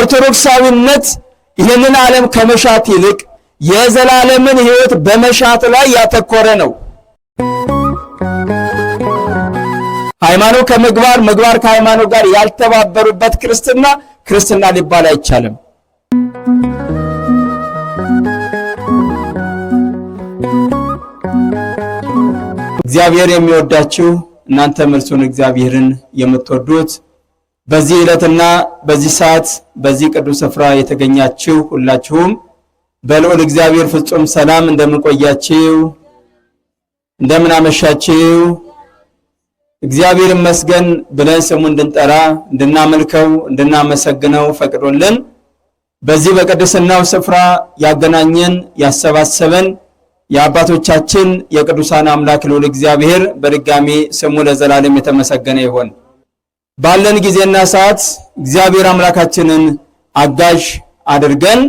ኦርቶዶክሳዊነት ይህንን ዓለም ከመሻት ይልቅ የዘላለምን ሕይወት በመሻት ላይ ያተኮረ ነው። ሃይማኖት ከምግባር ምግባር ከሃይማኖት ጋር ያልተባበሩበት ክርስትና ክርስትና ሊባል አይቻልም። እግዚአብሔር የሚወዳችሁ እናንተም እርሱን እግዚአብሔርን የምትወዱት በዚህ ዕለትና በዚህ ሰዓት በዚህ ቅዱስ ስፍራ የተገኛችሁ ሁላችሁም በልዑል እግዚአብሔር ፍጹም ሰላም እንደምን ቆያችሁ? እንደምን አመሻችሁ? እግዚአብሔር ይመስገን ብለን ስሙ እንድንጠራ እንድናመልከው፣ እንድናመሰግነው ፈቅዶልን በዚህ በቅድስናው ስፍራ ያገናኘን ያሰባሰበን የአባቶቻችን የቅዱሳን አምላክ ልዑል እግዚአብሔር በድጋሚ ስሙ ለዘላለም የተመሰገነ ይሆን። ባለን ጊዜና ሰዓት እግዚአብሔር አምላካችንን አጋዥ አድርገን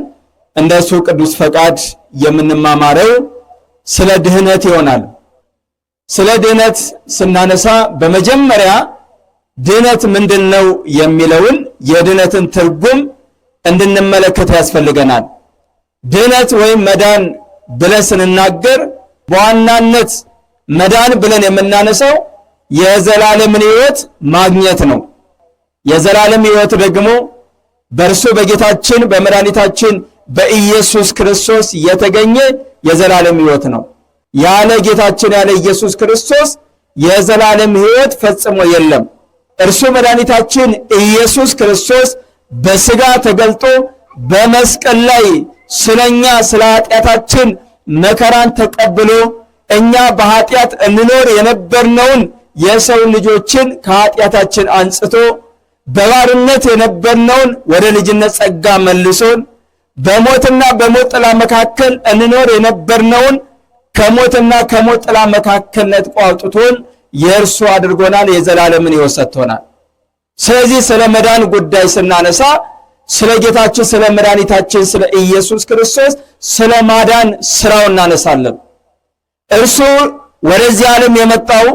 እንደ እሱ ቅዱስ ፈቃድ የምንማማረው ስለ ድህነት ይሆናል። ስለ ድህነት ስናነሳ በመጀመሪያ ድህነት ምንድን ነው የሚለውን የድህነትን ትርጉም እንድንመለከት ያስፈልገናል። ድህነት ወይም መዳን ብለን ስንናገር በዋናነት መዳን ብለን የምናነሳው የዘላለምን ሕይወት ማግኘት ነው። የዘላለም ሕይወት ደግሞ በእርሱ በጌታችን በመድኃኒታችን በኢየሱስ ክርስቶስ የተገኘ የዘላለም ሕይወት ነው። ያለ ጌታችን ያለ ኢየሱስ ክርስቶስ የዘላለም ሕይወት ፈጽሞ የለም። እርሱ መድኃኒታችን ኢየሱስ ክርስቶስ በሥጋ ተገልጦ በመስቀል ላይ ስለኛ ስለ ኃጢአታችን መከራን ተቀብሎ እኛ በኃጢአት እንኖር የነበርነውን የሰው ልጆችን ከኃጢአታችን አንጽቶ በባርነት የነበርነውን ወደ ልጅነት ጸጋ መልሶን በሞትና በሞት ጥላ መካከል እንኖር የነበርነውን ከሞትና ከሞት ጥላ መካከል ነጥቆ አውጥቶን የእርሱ አድርጎናል። የዘላለምን ሕይወት ሰጥቶናል። ስለዚህ ስለ መዳን ጉዳይ ስናነሳ ስለ ጌታችን ስለ መድኃኒታችን ስለ ኢየሱስ ክርስቶስ ስለ ማዳን ስራው እናነሳለን። እርሱ ወደዚህ ዓለም የመጣው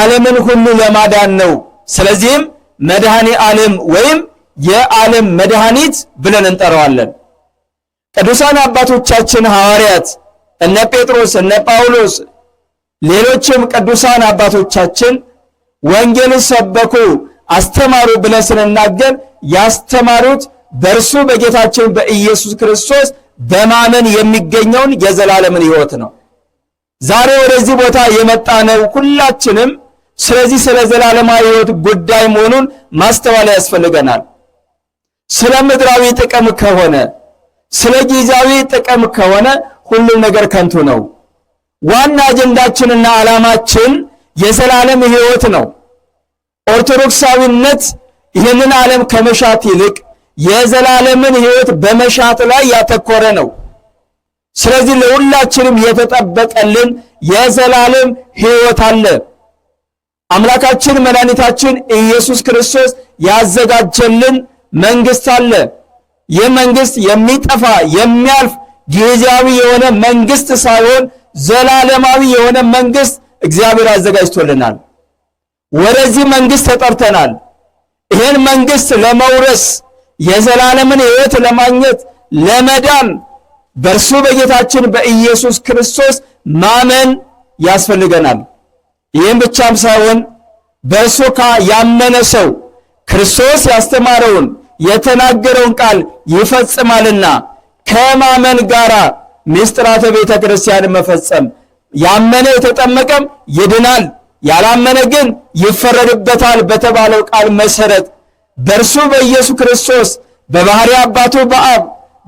ዓለምን ሁሉ ለማዳን ነው። ስለዚህም መድኃኔ ዓለም ወይም የዓለም መድኃኒት ብለን እንጠራዋለን። ቅዱሳን አባቶቻችን ሐዋርያት እነ ጴጥሮስ፣ እነ ጳውሎስ፣ ሌሎችም ቅዱሳን አባቶቻችን ወንጌል ሰበኩ፣ አስተማሩ ብለን ስንናገር ያስተማሩት በእርሱ በጌታችን በኢየሱስ ክርስቶስ በማመን የሚገኘውን የዘላለምን ሕይወት ነው። ዛሬ ወደዚህ ቦታ የመጣ ነው ሁላችንም ስለዚህ ስለ ዘላለማዊ ሕይወት ጉዳይ መሆኑን ማስተዋል ያስፈልገናል። ስለ ምድራዊ ጥቅም ከሆነ ስለ ጊዜያዊ ጥቅም ከሆነ ሁሉም ነገር ከንቱ ነው። ዋና አጀንዳችንና ዓላማችን የዘላለም ሕይወት ነው። ኦርቶዶክሳዊነት ይህንን ዓለም ከመሻት ይልቅ የዘላለምን ሕይወት በመሻት ላይ ያተኮረ ነው። ስለዚህ ለሁላችንም የተጠበቀልን የዘላለም ሕይወት አለ። አምላካችን መድኃኒታችን ኢየሱስ ክርስቶስ ያዘጋጀልን መንግስት አለ። ይህ መንግስት የሚጠፋ የሚያልፍ ጊዜያዊ የሆነ መንግስት ሳይሆን ዘላለማዊ የሆነ መንግስት እግዚአብሔር አዘጋጅቶልናል። ወደዚህ መንግስት ተጠርተናል። ይህን መንግስት ለመውረስ የዘላለምን ሕይወት ለማግኘት ለመዳን በእርሱ በጌታችን በኢየሱስ ክርስቶስ ማመን ያስፈልገናል። ይህም ብቻም ሳይሆን በእርሱ ያመነ ሰው ክርስቶስ ያስተማረውን የተናገረውን ቃል ይፈጽማልና ከማመን ጋር ምስጢራተ ቤተ ክርስቲያን መፈጸም ያመነ የተጠመቀም ይድናል፣ ያላመነ ግን ይፈረድበታል በተባለው ቃል መሰረት በእርሱ በኢየሱስ ክርስቶስ በባህሪ አባቱ በአብ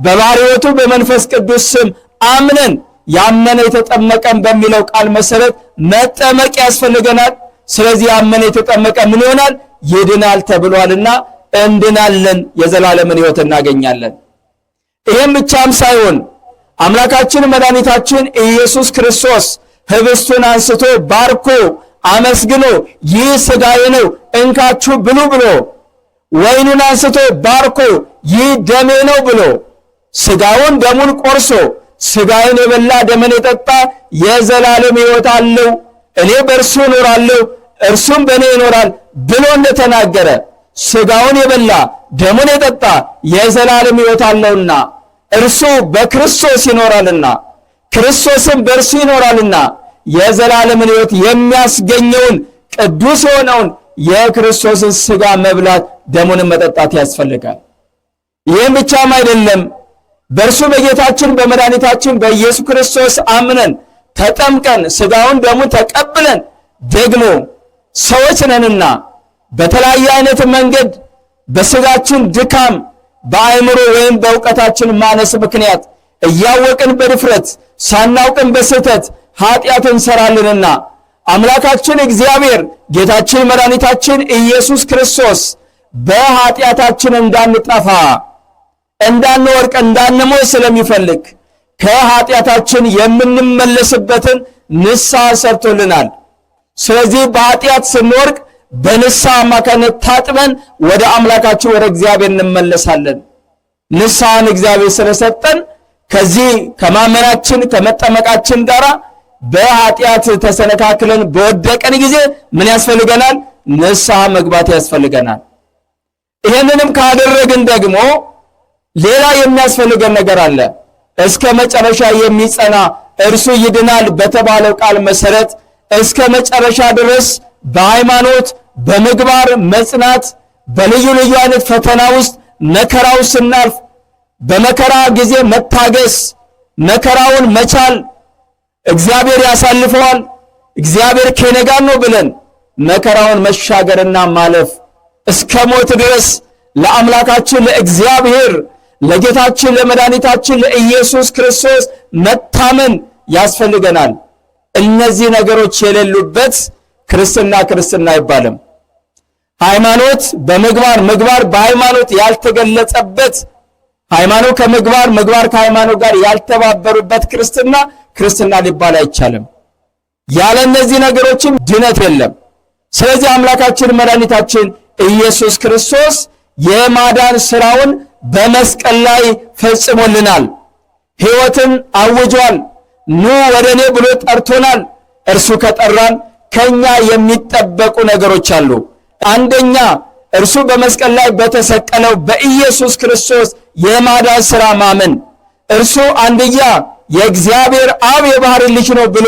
በባሪዎቱ በመንፈስ ቅዱስ ስም አምነን ያመነ የተጠመቀን በሚለው ቃል መሰረት መጠመቅ ያስፈልገናል። ስለዚህ ያመነ የተጠመቀ ምን ይሆናል? ይድናል ተብሏልና እንድናለን፣ የዘላለምን ሕይወት እናገኛለን። ይህም ብቻም ሳይሆን አምላካችን መድኃኒታችን ኢየሱስ ክርስቶስ ህብስቱን አንስቶ ባርኮ አመስግኖ ይህ ስጋዬ ነው እንካችሁ ብሉ ብሎ ወይኑን አንስቶ ባርኮ ይህ ደሜ ነው ብሎ ስጋውን ደሙን ቆርሶ ስጋዬን የበላ ደመን የጠጣ የዘላለም ሕይወት አለው፣ እኔ በእርሱ እኖራለሁ፣ እርሱም በእኔ ይኖራል ብሎ እንደተናገረ ስጋውን የበላ ደሙን የጠጣ የዘላለም ሕይወት አለውና እርሱ በክርስቶስ ይኖራልና ክርስቶስም በእርሱ ይኖራልና የዘላለምን ሕይወት የሚያስገኘውን ቅዱስ የሆነውን የክርስቶስን ስጋ መብላት ደሙንም መጠጣት ያስፈልጋል። ይህም ብቻም አይደለም። በእርሱ በጌታችን በመድኃኒታችን በኢየሱስ ክርስቶስ አምነን ተጠምቀን ስጋውን ደግሞ ተቀብለን ደግሞ ሰዎች ነንና በተለያየ አይነት መንገድ በስጋችን ድካም በአእምሮ ወይም በእውቀታችን ማነስ ምክንያት እያወቅን በድፍረት ሳናውቅን በስህተት ኃጢአት እንሰራልንና አምላካችን እግዚአብሔር ጌታችን መድኃኒታችን ኢየሱስ ክርስቶስ በኃጢአታችን እንዳንጠፋ እንዳንወርቅ እንዳንሞት ስለሚፈልግ ከኃጢአታችን የምንመለስበትን ንስሐ ሰርቶልናል። ስለዚህ በኃጢአት ስንወርቅ በንስሐ አማካይነት ታጥበን ወደ አምላካችን ወደ እግዚአብሔር እንመለሳለን። ንስሐን እግዚአብሔር ስለሰጠን ከዚህ ከማመናችን ከመጠመቃችን ጋር በኃጢአት ተሰነካክለን በወደቀን ጊዜ ምን ያስፈልገናል? ንስሐ መግባት ያስፈልገናል። ይህንንም ካደረግን ደግሞ ሌላ የሚያስፈልገን ነገር አለ። እስከ መጨረሻ የሚጸና እርሱ ይድናል በተባለው ቃል መሰረት እስከ መጨረሻ ድረስ በሃይማኖት በምግባር መጽናት፣ በልዩ ልዩ አይነት ፈተና ውስጥ መከራው ስናልፍ በመከራ ጊዜ መታገስ፣ መከራውን መቻል፣ እግዚአብሔር ያሳልፈዋል፣ እግዚአብሔር ከእኔ ጋር ነው ብለን መከራውን መሻገርና ማለፍ እስከ ሞት ድረስ ለአምላካችን ለእግዚአብሔር ለጌታችን ለመድኃኒታችን ለኢየሱስ ክርስቶስ መታመን ያስፈልገናል። እነዚህ ነገሮች የሌሉበት ክርስትና ክርስትና አይባልም። ሃይማኖት በምግባር ምግባር በሃይማኖት ያልተገለጸበት ሃይማኖት ከምግባር ምግባር ከሃይማኖት ጋር ያልተባበሩበት ክርስትና ክርስትና ሊባል አይቻልም። ያለ እነዚህ ነገሮችም ድነት የለም። ስለዚህ አምላካችን መድኃኒታችን ኢየሱስ ክርስቶስ የማዳን ሥራውን በመስቀል ላይ ፈጽሞልናል። ሕይወትን አውጇል። ኑ ወደ እኔ ብሎ ጠርቶናል። እርሱ ከጠራን ከኛ የሚጠበቁ ነገሮች አሉ። አንደኛ እርሱ በመስቀል ላይ በተሰቀለው በኢየሱስ ክርስቶስ የማዳን ሥራ ማመን፣ እርሱ አንድያ የእግዚአብሔር አብ የባህር ልጅ ነው ብሎ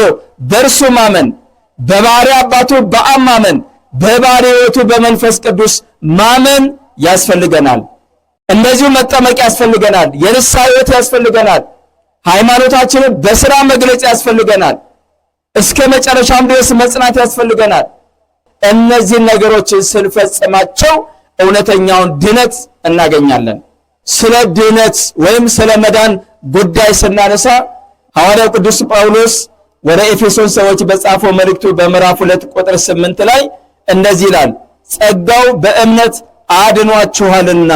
በእርሱ ማመን፣ በባሕርይ አባቱ በአብ ማመን፣ በባሕርይ ሕይወቱ በመንፈስ ቅዱስ ማመን ያስፈልገናል። እንደዚሁ መጠመቅ ያስፈልገናል። የንስሐ ሕይወት ያስፈልገናል። ሃይማኖታችንን በስራ መግለጽ ያስፈልገናል። እስከ መጨረሻም ድረስ መጽናት ያስፈልገናል። እነዚህን ነገሮች ስንፈጽማቸው እውነተኛውን ድነት እናገኛለን። ስለ ድነት ወይም ስለ መዳን ጉዳይ ስናነሳ ሐዋርያው ቅዱስ ጳውሎስ ወደ ኤፌሶን ሰዎች በጻፈው መልእክቱ በምዕራፍ ሁለት ቁጥር ስምንት ላይ እንደዚህ ይላል፣ ጸጋው በእምነት አድኗችኋልና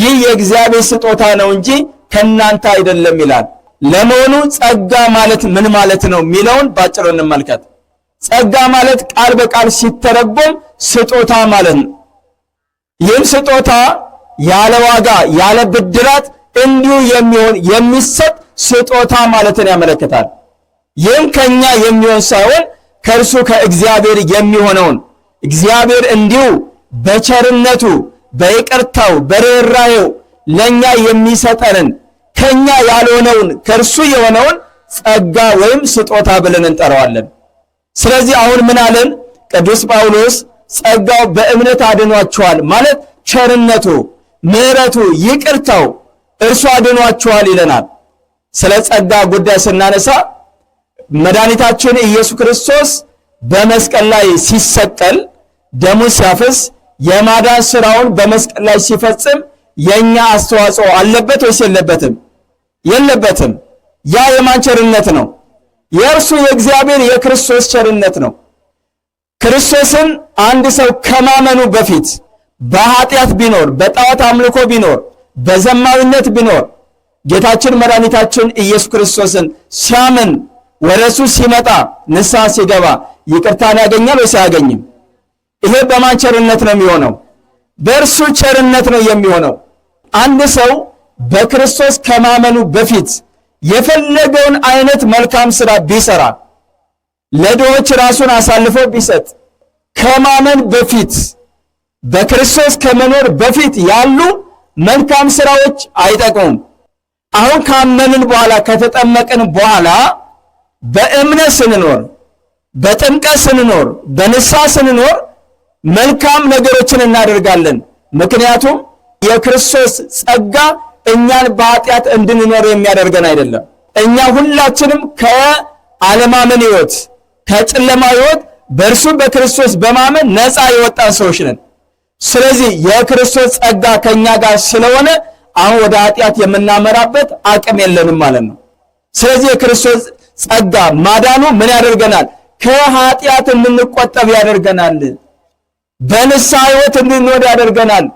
ይህ የእግዚአብሔር ስጦታ ነው እንጂ ከእናንተ አይደለም ይላል። ለመሆኑ ጸጋ ማለት ምን ማለት ነው የሚለውን ባጭሩ እንመልከት። ጸጋ ማለት ቃል በቃል ሲተረጎም ስጦታ ማለት ነው። ይህም ስጦታ ያለ ዋጋ ያለ ብድራት እንዲሁ የሚሆን የሚሰጥ ስጦታ ማለትን ያመለክታል። ይህም ከኛ የሚሆን ሳይሆን ከእርሱ ከእግዚአብሔር የሚሆነውን እግዚአብሔር እንዲሁ በቸርነቱ በይቅርታው በርኅራኄው ለእኛ የሚሰጠንን ከእኛ ያልሆነውን ከእርሱ የሆነውን ጸጋ ወይም ስጦታ ብለን እንጠራዋለን። ስለዚህ አሁን ምን አለን ቅዱስ ጳውሎስ? ጸጋው በእምነት አድኗችኋል ማለት ቸርነቱ፣ ምሕረቱ፣ ይቅርታው እርሱ አድኗችኋል ይለናል። ስለ ጸጋ ጉዳይ ስናነሳ መድኃኒታችን ኢየሱስ ክርስቶስ በመስቀል ላይ ሲሰቀል ደሙ ሲያፈስ የማዳን ስራውን በመስቀል ላይ ሲፈጽም የኛ አስተዋጽኦ አለበት ወይስ የለበትም? የለበትም። ያ የማን ቸርነት ነው? የእርሱ የእግዚአብሔር የክርስቶስ ቸርነት ነው። ክርስቶስን አንድ ሰው ከማመኑ በፊት በኃጢአት ቢኖር፣ በጣዖት አምልኮ ቢኖር፣ በዘማዊነት ቢኖር ጌታችን መድኃኒታችን ኢየሱስ ክርስቶስን ሲያምን ወደ እሱ ሲመጣ ንስሐ ሲገባ ይቅርታን ያገኛል ወይስ አያገኝም? ይሄ በማን ቸርነት ነው የሚሆነው? በእርሱ ቸርነት ነው የሚሆነው። አንድ ሰው በክርስቶስ ከማመኑ በፊት የፈለገውን አይነት መልካም ስራ ቢሰራ፣ ለድሆች ራሱን አሳልፎ ቢሰጥ፣ ከማመን በፊት በክርስቶስ ከመኖር በፊት ያሉ መልካም ስራዎች አይጠቅሙም። አሁን ካመንን በኋላ ከተጠመቅን በኋላ በእምነት ስንኖር፣ በጥምቀት ስንኖር፣ በንሳ ስንኖር መልካም ነገሮችን እናደርጋለን። ምክንያቱም የክርስቶስ ጸጋ እኛን በኃጢአት እንድንኖር የሚያደርገን አይደለም። እኛ ሁላችንም ከአለማመን ሕይወት ከጨለማ ሕይወት በእርሱ በክርስቶስ በማመን ነፃ የወጣን ሰዎች ነን። ስለዚህ የክርስቶስ ጸጋ ከእኛ ጋር ስለሆነ አሁን ወደ ኃጢአት የምናመራበት አቅም የለንም ማለት ነው። ስለዚህ የክርስቶስ ጸጋ ማዳኑ ምን ያደርገናል? ከኃጢአት እንድንቆጠብ ያደርገናል። በንስሐ ህይወት እንድንወድ ያደርገናል።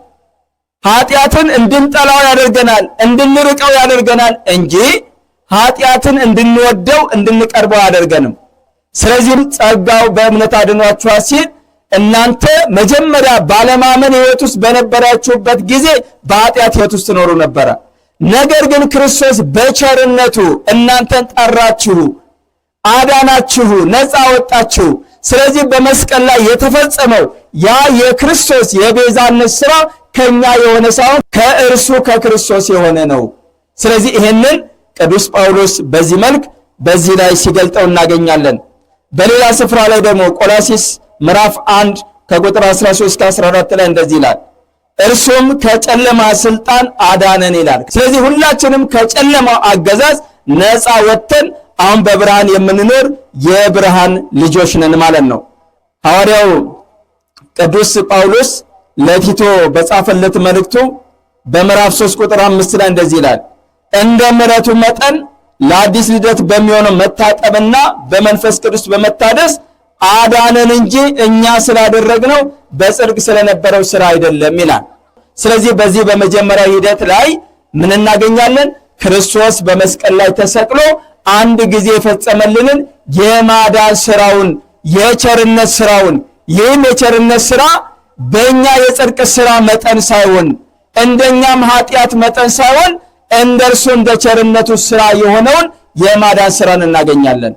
ኃጢአትን እንድንጠላው ያደርገናል፣ እንድንርቀው ያደርገናል እንጂ ኃጢአትን እንድንወደው እንድንቀርበው አያደርገንም። ስለዚህም ጸጋው በእምነት አድኗችኋል ሲል እናንተ መጀመሪያ ባለማመን ህይወት ውስጥ በነበራችሁበት ጊዜ በኃጢአት ህይወት ውስጥ ትኖሩ ነበረ። ነገር ግን ክርስቶስ በቸርነቱ እናንተን ጠራችሁ፣ አዳናችሁ፣ ነፃ ወጣችሁ። ስለዚህ በመስቀል ላይ የተፈጸመው ያ የክርስቶስ የቤዛነት ስራ ከኛ የሆነ ሳይሆን ከእርሱ ከክርስቶስ የሆነ ነው። ስለዚህ ይሄንን ቅዱስ ጳውሎስ በዚህ መልክ በዚህ ላይ ሲገልጠው እናገኛለን። በሌላ ስፍራ ላይ ደግሞ ቆላሲስ ምዕራፍ 1 ከቁጥር 13 እስከ 14 ላይ እንደዚህ ይላል፣ እርሱም ከጨለማ ስልጣን አዳነን ይላል። ስለዚህ ሁላችንም ከጨለማው አገዛዝ ነፃ ወጥተን አሁን በብርሃን የምንኖር የብርሃን ልጆች ነን ማለት ነው። ሐዋርያው ቅዱስ ጳውሎስ ለቲቶ በጻፈለት መልእክቱ በምዕራፍ 3 ቁጥር 5 ላይ እንደዚህ ይላል፣ እንደ ምሕረቱ መጠን ለአዲስ ልደት በሚሆነው መታጠብና በመንፈስ ቅዱስ በመታደስ አዳነን እንጂ እኛ ስላደረግነው በጽድቅ ስለነበረው ስራ አይደለም ይላል። ስለዚህ በዚህ በመጀመሪያ ሂደት ላይ ምን እናገኛለን? ክርስቶስ በመስቀል ላይ ተሰቅሎ አንድ ጊዜ የፈጸመልንን የማዳን ስራውን የቸርነት ስራውን ይህም የቸርነት ስራ በእኛ የጽድቅ ስራ መጠን ሳይሆን እንደኛም ኃጢአት መጠን ሳይሆን እንደ እርሱ እንደ ቸርነቱ ስራ የሆነውን የማዳን ስራን እናገኛለን።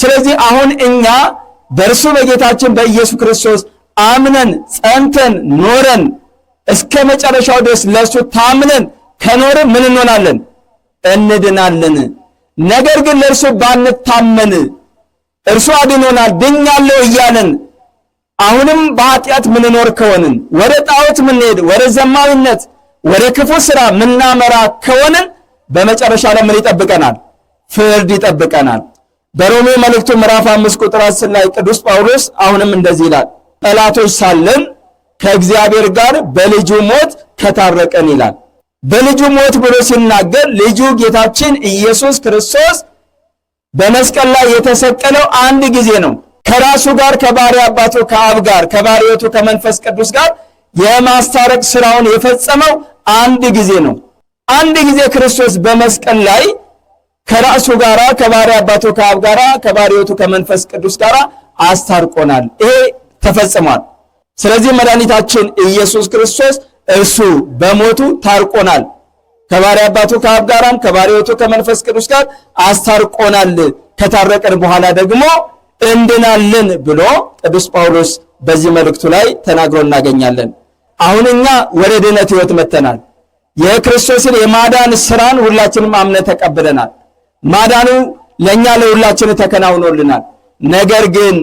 ስለዚህ አሁን እኛ በእርሱ በጌታችን በኢየሱስ ክርስቶስ አምነን ጸንተን ኖረን እስከ መጨረሻው ድረስ ለእሱ ታምነን ከኖርን ምን እንሆናለን? እንድናለን። ነገር ግን ለእርሱ ባንታመን እርሱ አድኖናል ድኛለሁ እያለን አሁንም በኃጢአት ምንኖር ከሆንን ወደ ጣዖት ምንሄድ ወደ ዘማዊነት ወደ ክፉ ስራ ምናመራ ከሆንን በመጨረሻ ላይ ምን ይጠብቀናል? ፍርድ ይጠብቀናል። በሮሜ መልእክቱ ምዕራፍ አምስት ቁጥር አስር ላይ ቅዱስ ጳውሎስ አሁንም እንደዚህ ይላል፣ ጠላቶች ሳለን ከእግዚአብሔር ጋር በልጁ ሞት ከታረቀን ይላል። በልጁ ሞት ብሎ ሲናገር ልጁ ጌታችን ኢየሱስ ክርስቶስ በመስቀል ላይ የተሰቀለው አንድ ጊዜ ነው። ከራሱ ጋር ከባሪ አባቱ ከአብ ጋር ከባሕርይቱ ከመንፈስ ቅዱስ ጋር የማስታረቅ ስራውን የፈጸመው አንድ ጊዜ ነው። አንድ ጊዜ ክርስቶስ በመስቀል ላይ ከራሱ ጋራ ከባሪ አባቱ ከአብ ጋር ከባሕርይቱ ከመንፈስ ቅዱስ ጋር አስታርቆናል። ይሄ ተፈጽሟል። ስለዚህ መድኃኒታችን ኢየሱስ ክርስቶስ እሱ በሞቱ ታርቆናል። ከባሪ አባቱ ከአብ ጋራም ከመንፈስ ቅዱስ ጋር አስታርቆናል። ከታረቀን በኋላ ደግሞ እንድናለን ብሎ ቅዱስ ጳውሎስ በዚህ መልእክቱ ላይ ተናግሮ እናገኛለን። አሁን እኛ ወደ ድህነት ሕይወት መጥተናል። የክርስቶስን የማዳን ስራን ሁላችንም አምነ ተቀብለናል። ማዳኑ ለእኛ ለሁላችን ተከናውኖልናል። ነገር ግን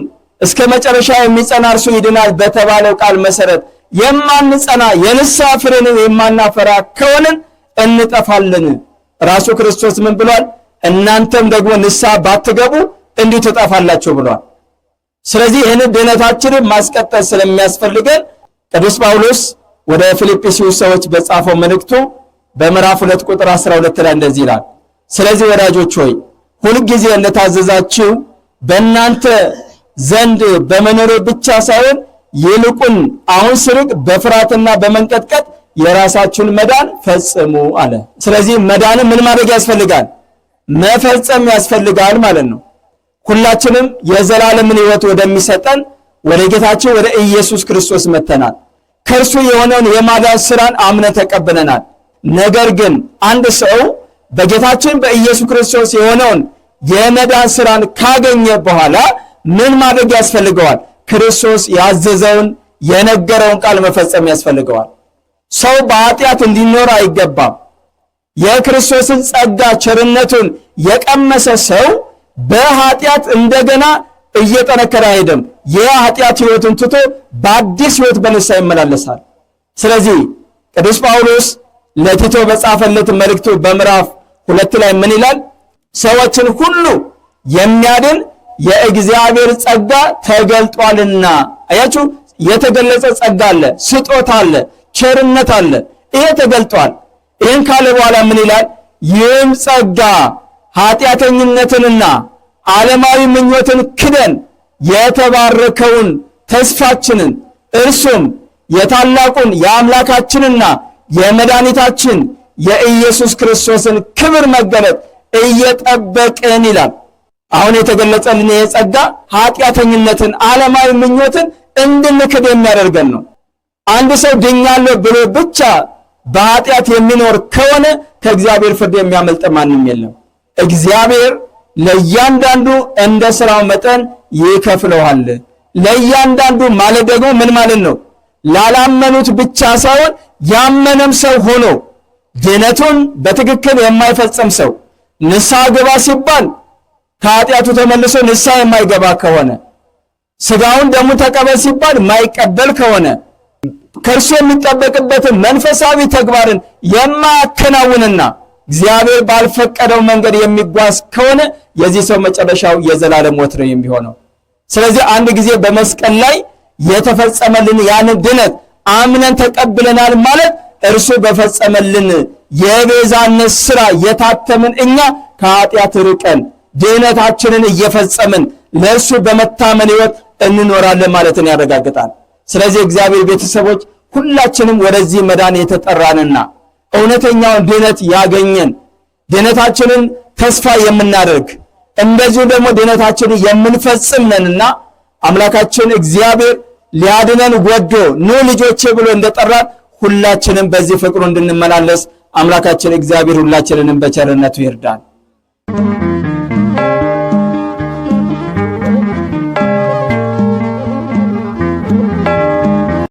እስከ መጨረሻ የሚጸና እርሱ ይድናል በተባለው ቃል መሰረት የማንጸና የንስሐ ፍሬንን የማናፈራ ከሆንን እንጠፋለን። ራሱ ክርስቶስ ምን ብሏል? እናንተም ደግሞ ንስሐ ባትገቡ እንዲሁ ትጠፋላችሁ ብሏል። ስለዚህ ይህንን ድህነታችንን ማስቀጠል ስለሚያስፈልገን ቅዱስ ጳውሎስ ወደ ፊልጵስዩስ ሰዎች በጻፈው መልእክቱ በምዕራፍ 2 ቁጥር 12 ላይ እንደዚህ ይላል። ስለዚህ ወዳጆች ሆይ ሁልጊዜ እንደታዘዛችሁ በእናንተ ዘንድ በመኖሬ ብቻ ሳይሆን ይልቁን አሁን ስርቅ በፍርሃትና በመንቀጥቀጥ የራሳችሁን መዳን ፈጽሙ አለ። ስለዚህ መዳንም ምን ማድረግ ያስፈልጋል? መፈጸም ያስፈልጋል ማለት ነው። ሁላችንም የዘላለምን ሕይወት ወደሚሰጠን ወደ ጌታችን ወደ ኢየሱስ ክርስቶስ መጥተናል። ከእርሱ የሆነውን የማዳን ስራን አምነ ተቀብለናል። ነገር ግን አንድ ሰው በጌታችን በኢየሱስ ክርስቶስ የሆነውን የመዳን ስራን ካገኘ በኋላ ምን ማድረግ ያስፈልገዋል? ክርስቶስ ያዘዘውን የነገረውን ቃል መፈጸም ያስፈልገዋል። ሰው በኃጢአት እንዲኖር አይገባም። የክርስቶስን ጸጋ ቸርነቱን የቀመሰ ሰው በኃጢአት እንደገና እየጠነከረ አይሄድም። የኃጢአት ህይወቱን ትቶ በአዲስ ሕይወት በንስሐ ይመላለሳል። ስለዚህ ቅዱስ ጳውሎስ ለቲቶ በጻፈለት መልእክቱ በምዕራፍ ሁለት ላይ ምን ይላል? ሰዎችን ሁሉ የሚያድን የእግዚአብሔር ጸጋ ተገልጧልና። አያችሁ፣ የተገለጸ ጸጋ አለ፣ ስጦታ አለ፣ ቸርነት አለ። ይሄ ተገልጧል። ይህን ካለ በኋላ ምን ይላል? ይህም ጸጋ ኃጢአተኝነትንና ዓለማዊ ምኞትን ክደን የተባረከውን ተስፋችንን እርሱም የታላቁን የአምላካችንና የመድኃኒታችን የኢየሱስ ክርስቶስን ክብር መገለጥ እየጠበቅን ይላል። አሁን የተገለጸልን ይሄ ጸጋ ኃጢአተኝነትን፣ ዓለማዊ ምኞትን እንድንክድ የሚያደርገን ነው። አንድ ሰው ድኛለሁ ብሎ ብቻ በኃጢአት የሚኖር ከሆነ ከእግዚአብሔር ፍርድ የሚያመልጥ ማንም የለም። እግዚአብሔር ለእያንዳንዱ እንደ ስራው መጠን ይከፍለዋል። ለእያንዳንዱ ማለት ደግሞ ምን ማለት ነው? ላላመኑት ብቻ ሳይሆን ያመነም ሰው ሆኖ ድነቱን በትክክል የማይፈጽም ሰው ንስሐ ግባ ሲባል ከኃጢአቱ ተመልሶ ንስሐ የማይገባ ከሆነ ስጋውን ደሙ ተቀበል ሲባል የማይቀበል ከሆነ ከእርሱ የሚጠበቅበትን መንፈሳዊ ተግባርን የማያከናውንና እግዚአብሔር ባልፈቀደው መንገድ የሚጓዝ ከሆነ የዚህ ሰው መጨረሻው የዘላለም ሞት ነው የሚሆነው። ስለዚህ አንድ ጊዜ በመስቀል ላይ የተፈጸመልን ያንን ድነት አምነን ተቀብለናል ማለት እርሱ በፈጸመልን የቤዛነት ስራ የታተምን እኛ ከኃጢአት ርቀን ድህነታችንን እየፈጸምን ለእርሱ በመታመን ህይወት እንኖራለን ማለትን ያረጋግጣል። ስለዚህ እግዚአብሔር ቤተሰቦች ሁላችንም ወደዚህ መዳን የተጠራንና እውነተኛውን ድህነት ያገኘን ድህነታችንን ተስፋ የምናደርግ እንደዚሁ ደግሞ ድህነታችንን የምንፈጽም ነንና አምላካችን እግዚአብሔር ሊያድነን ወዶ ኑ ልጆቼ ብሎ እንደጠራን ሁላችንም በዚህ ፍቅሩ እንድንመላለስ አምላካችን እግዚአብሔር ሁላችንንም በቸርነቱ ይርዳል።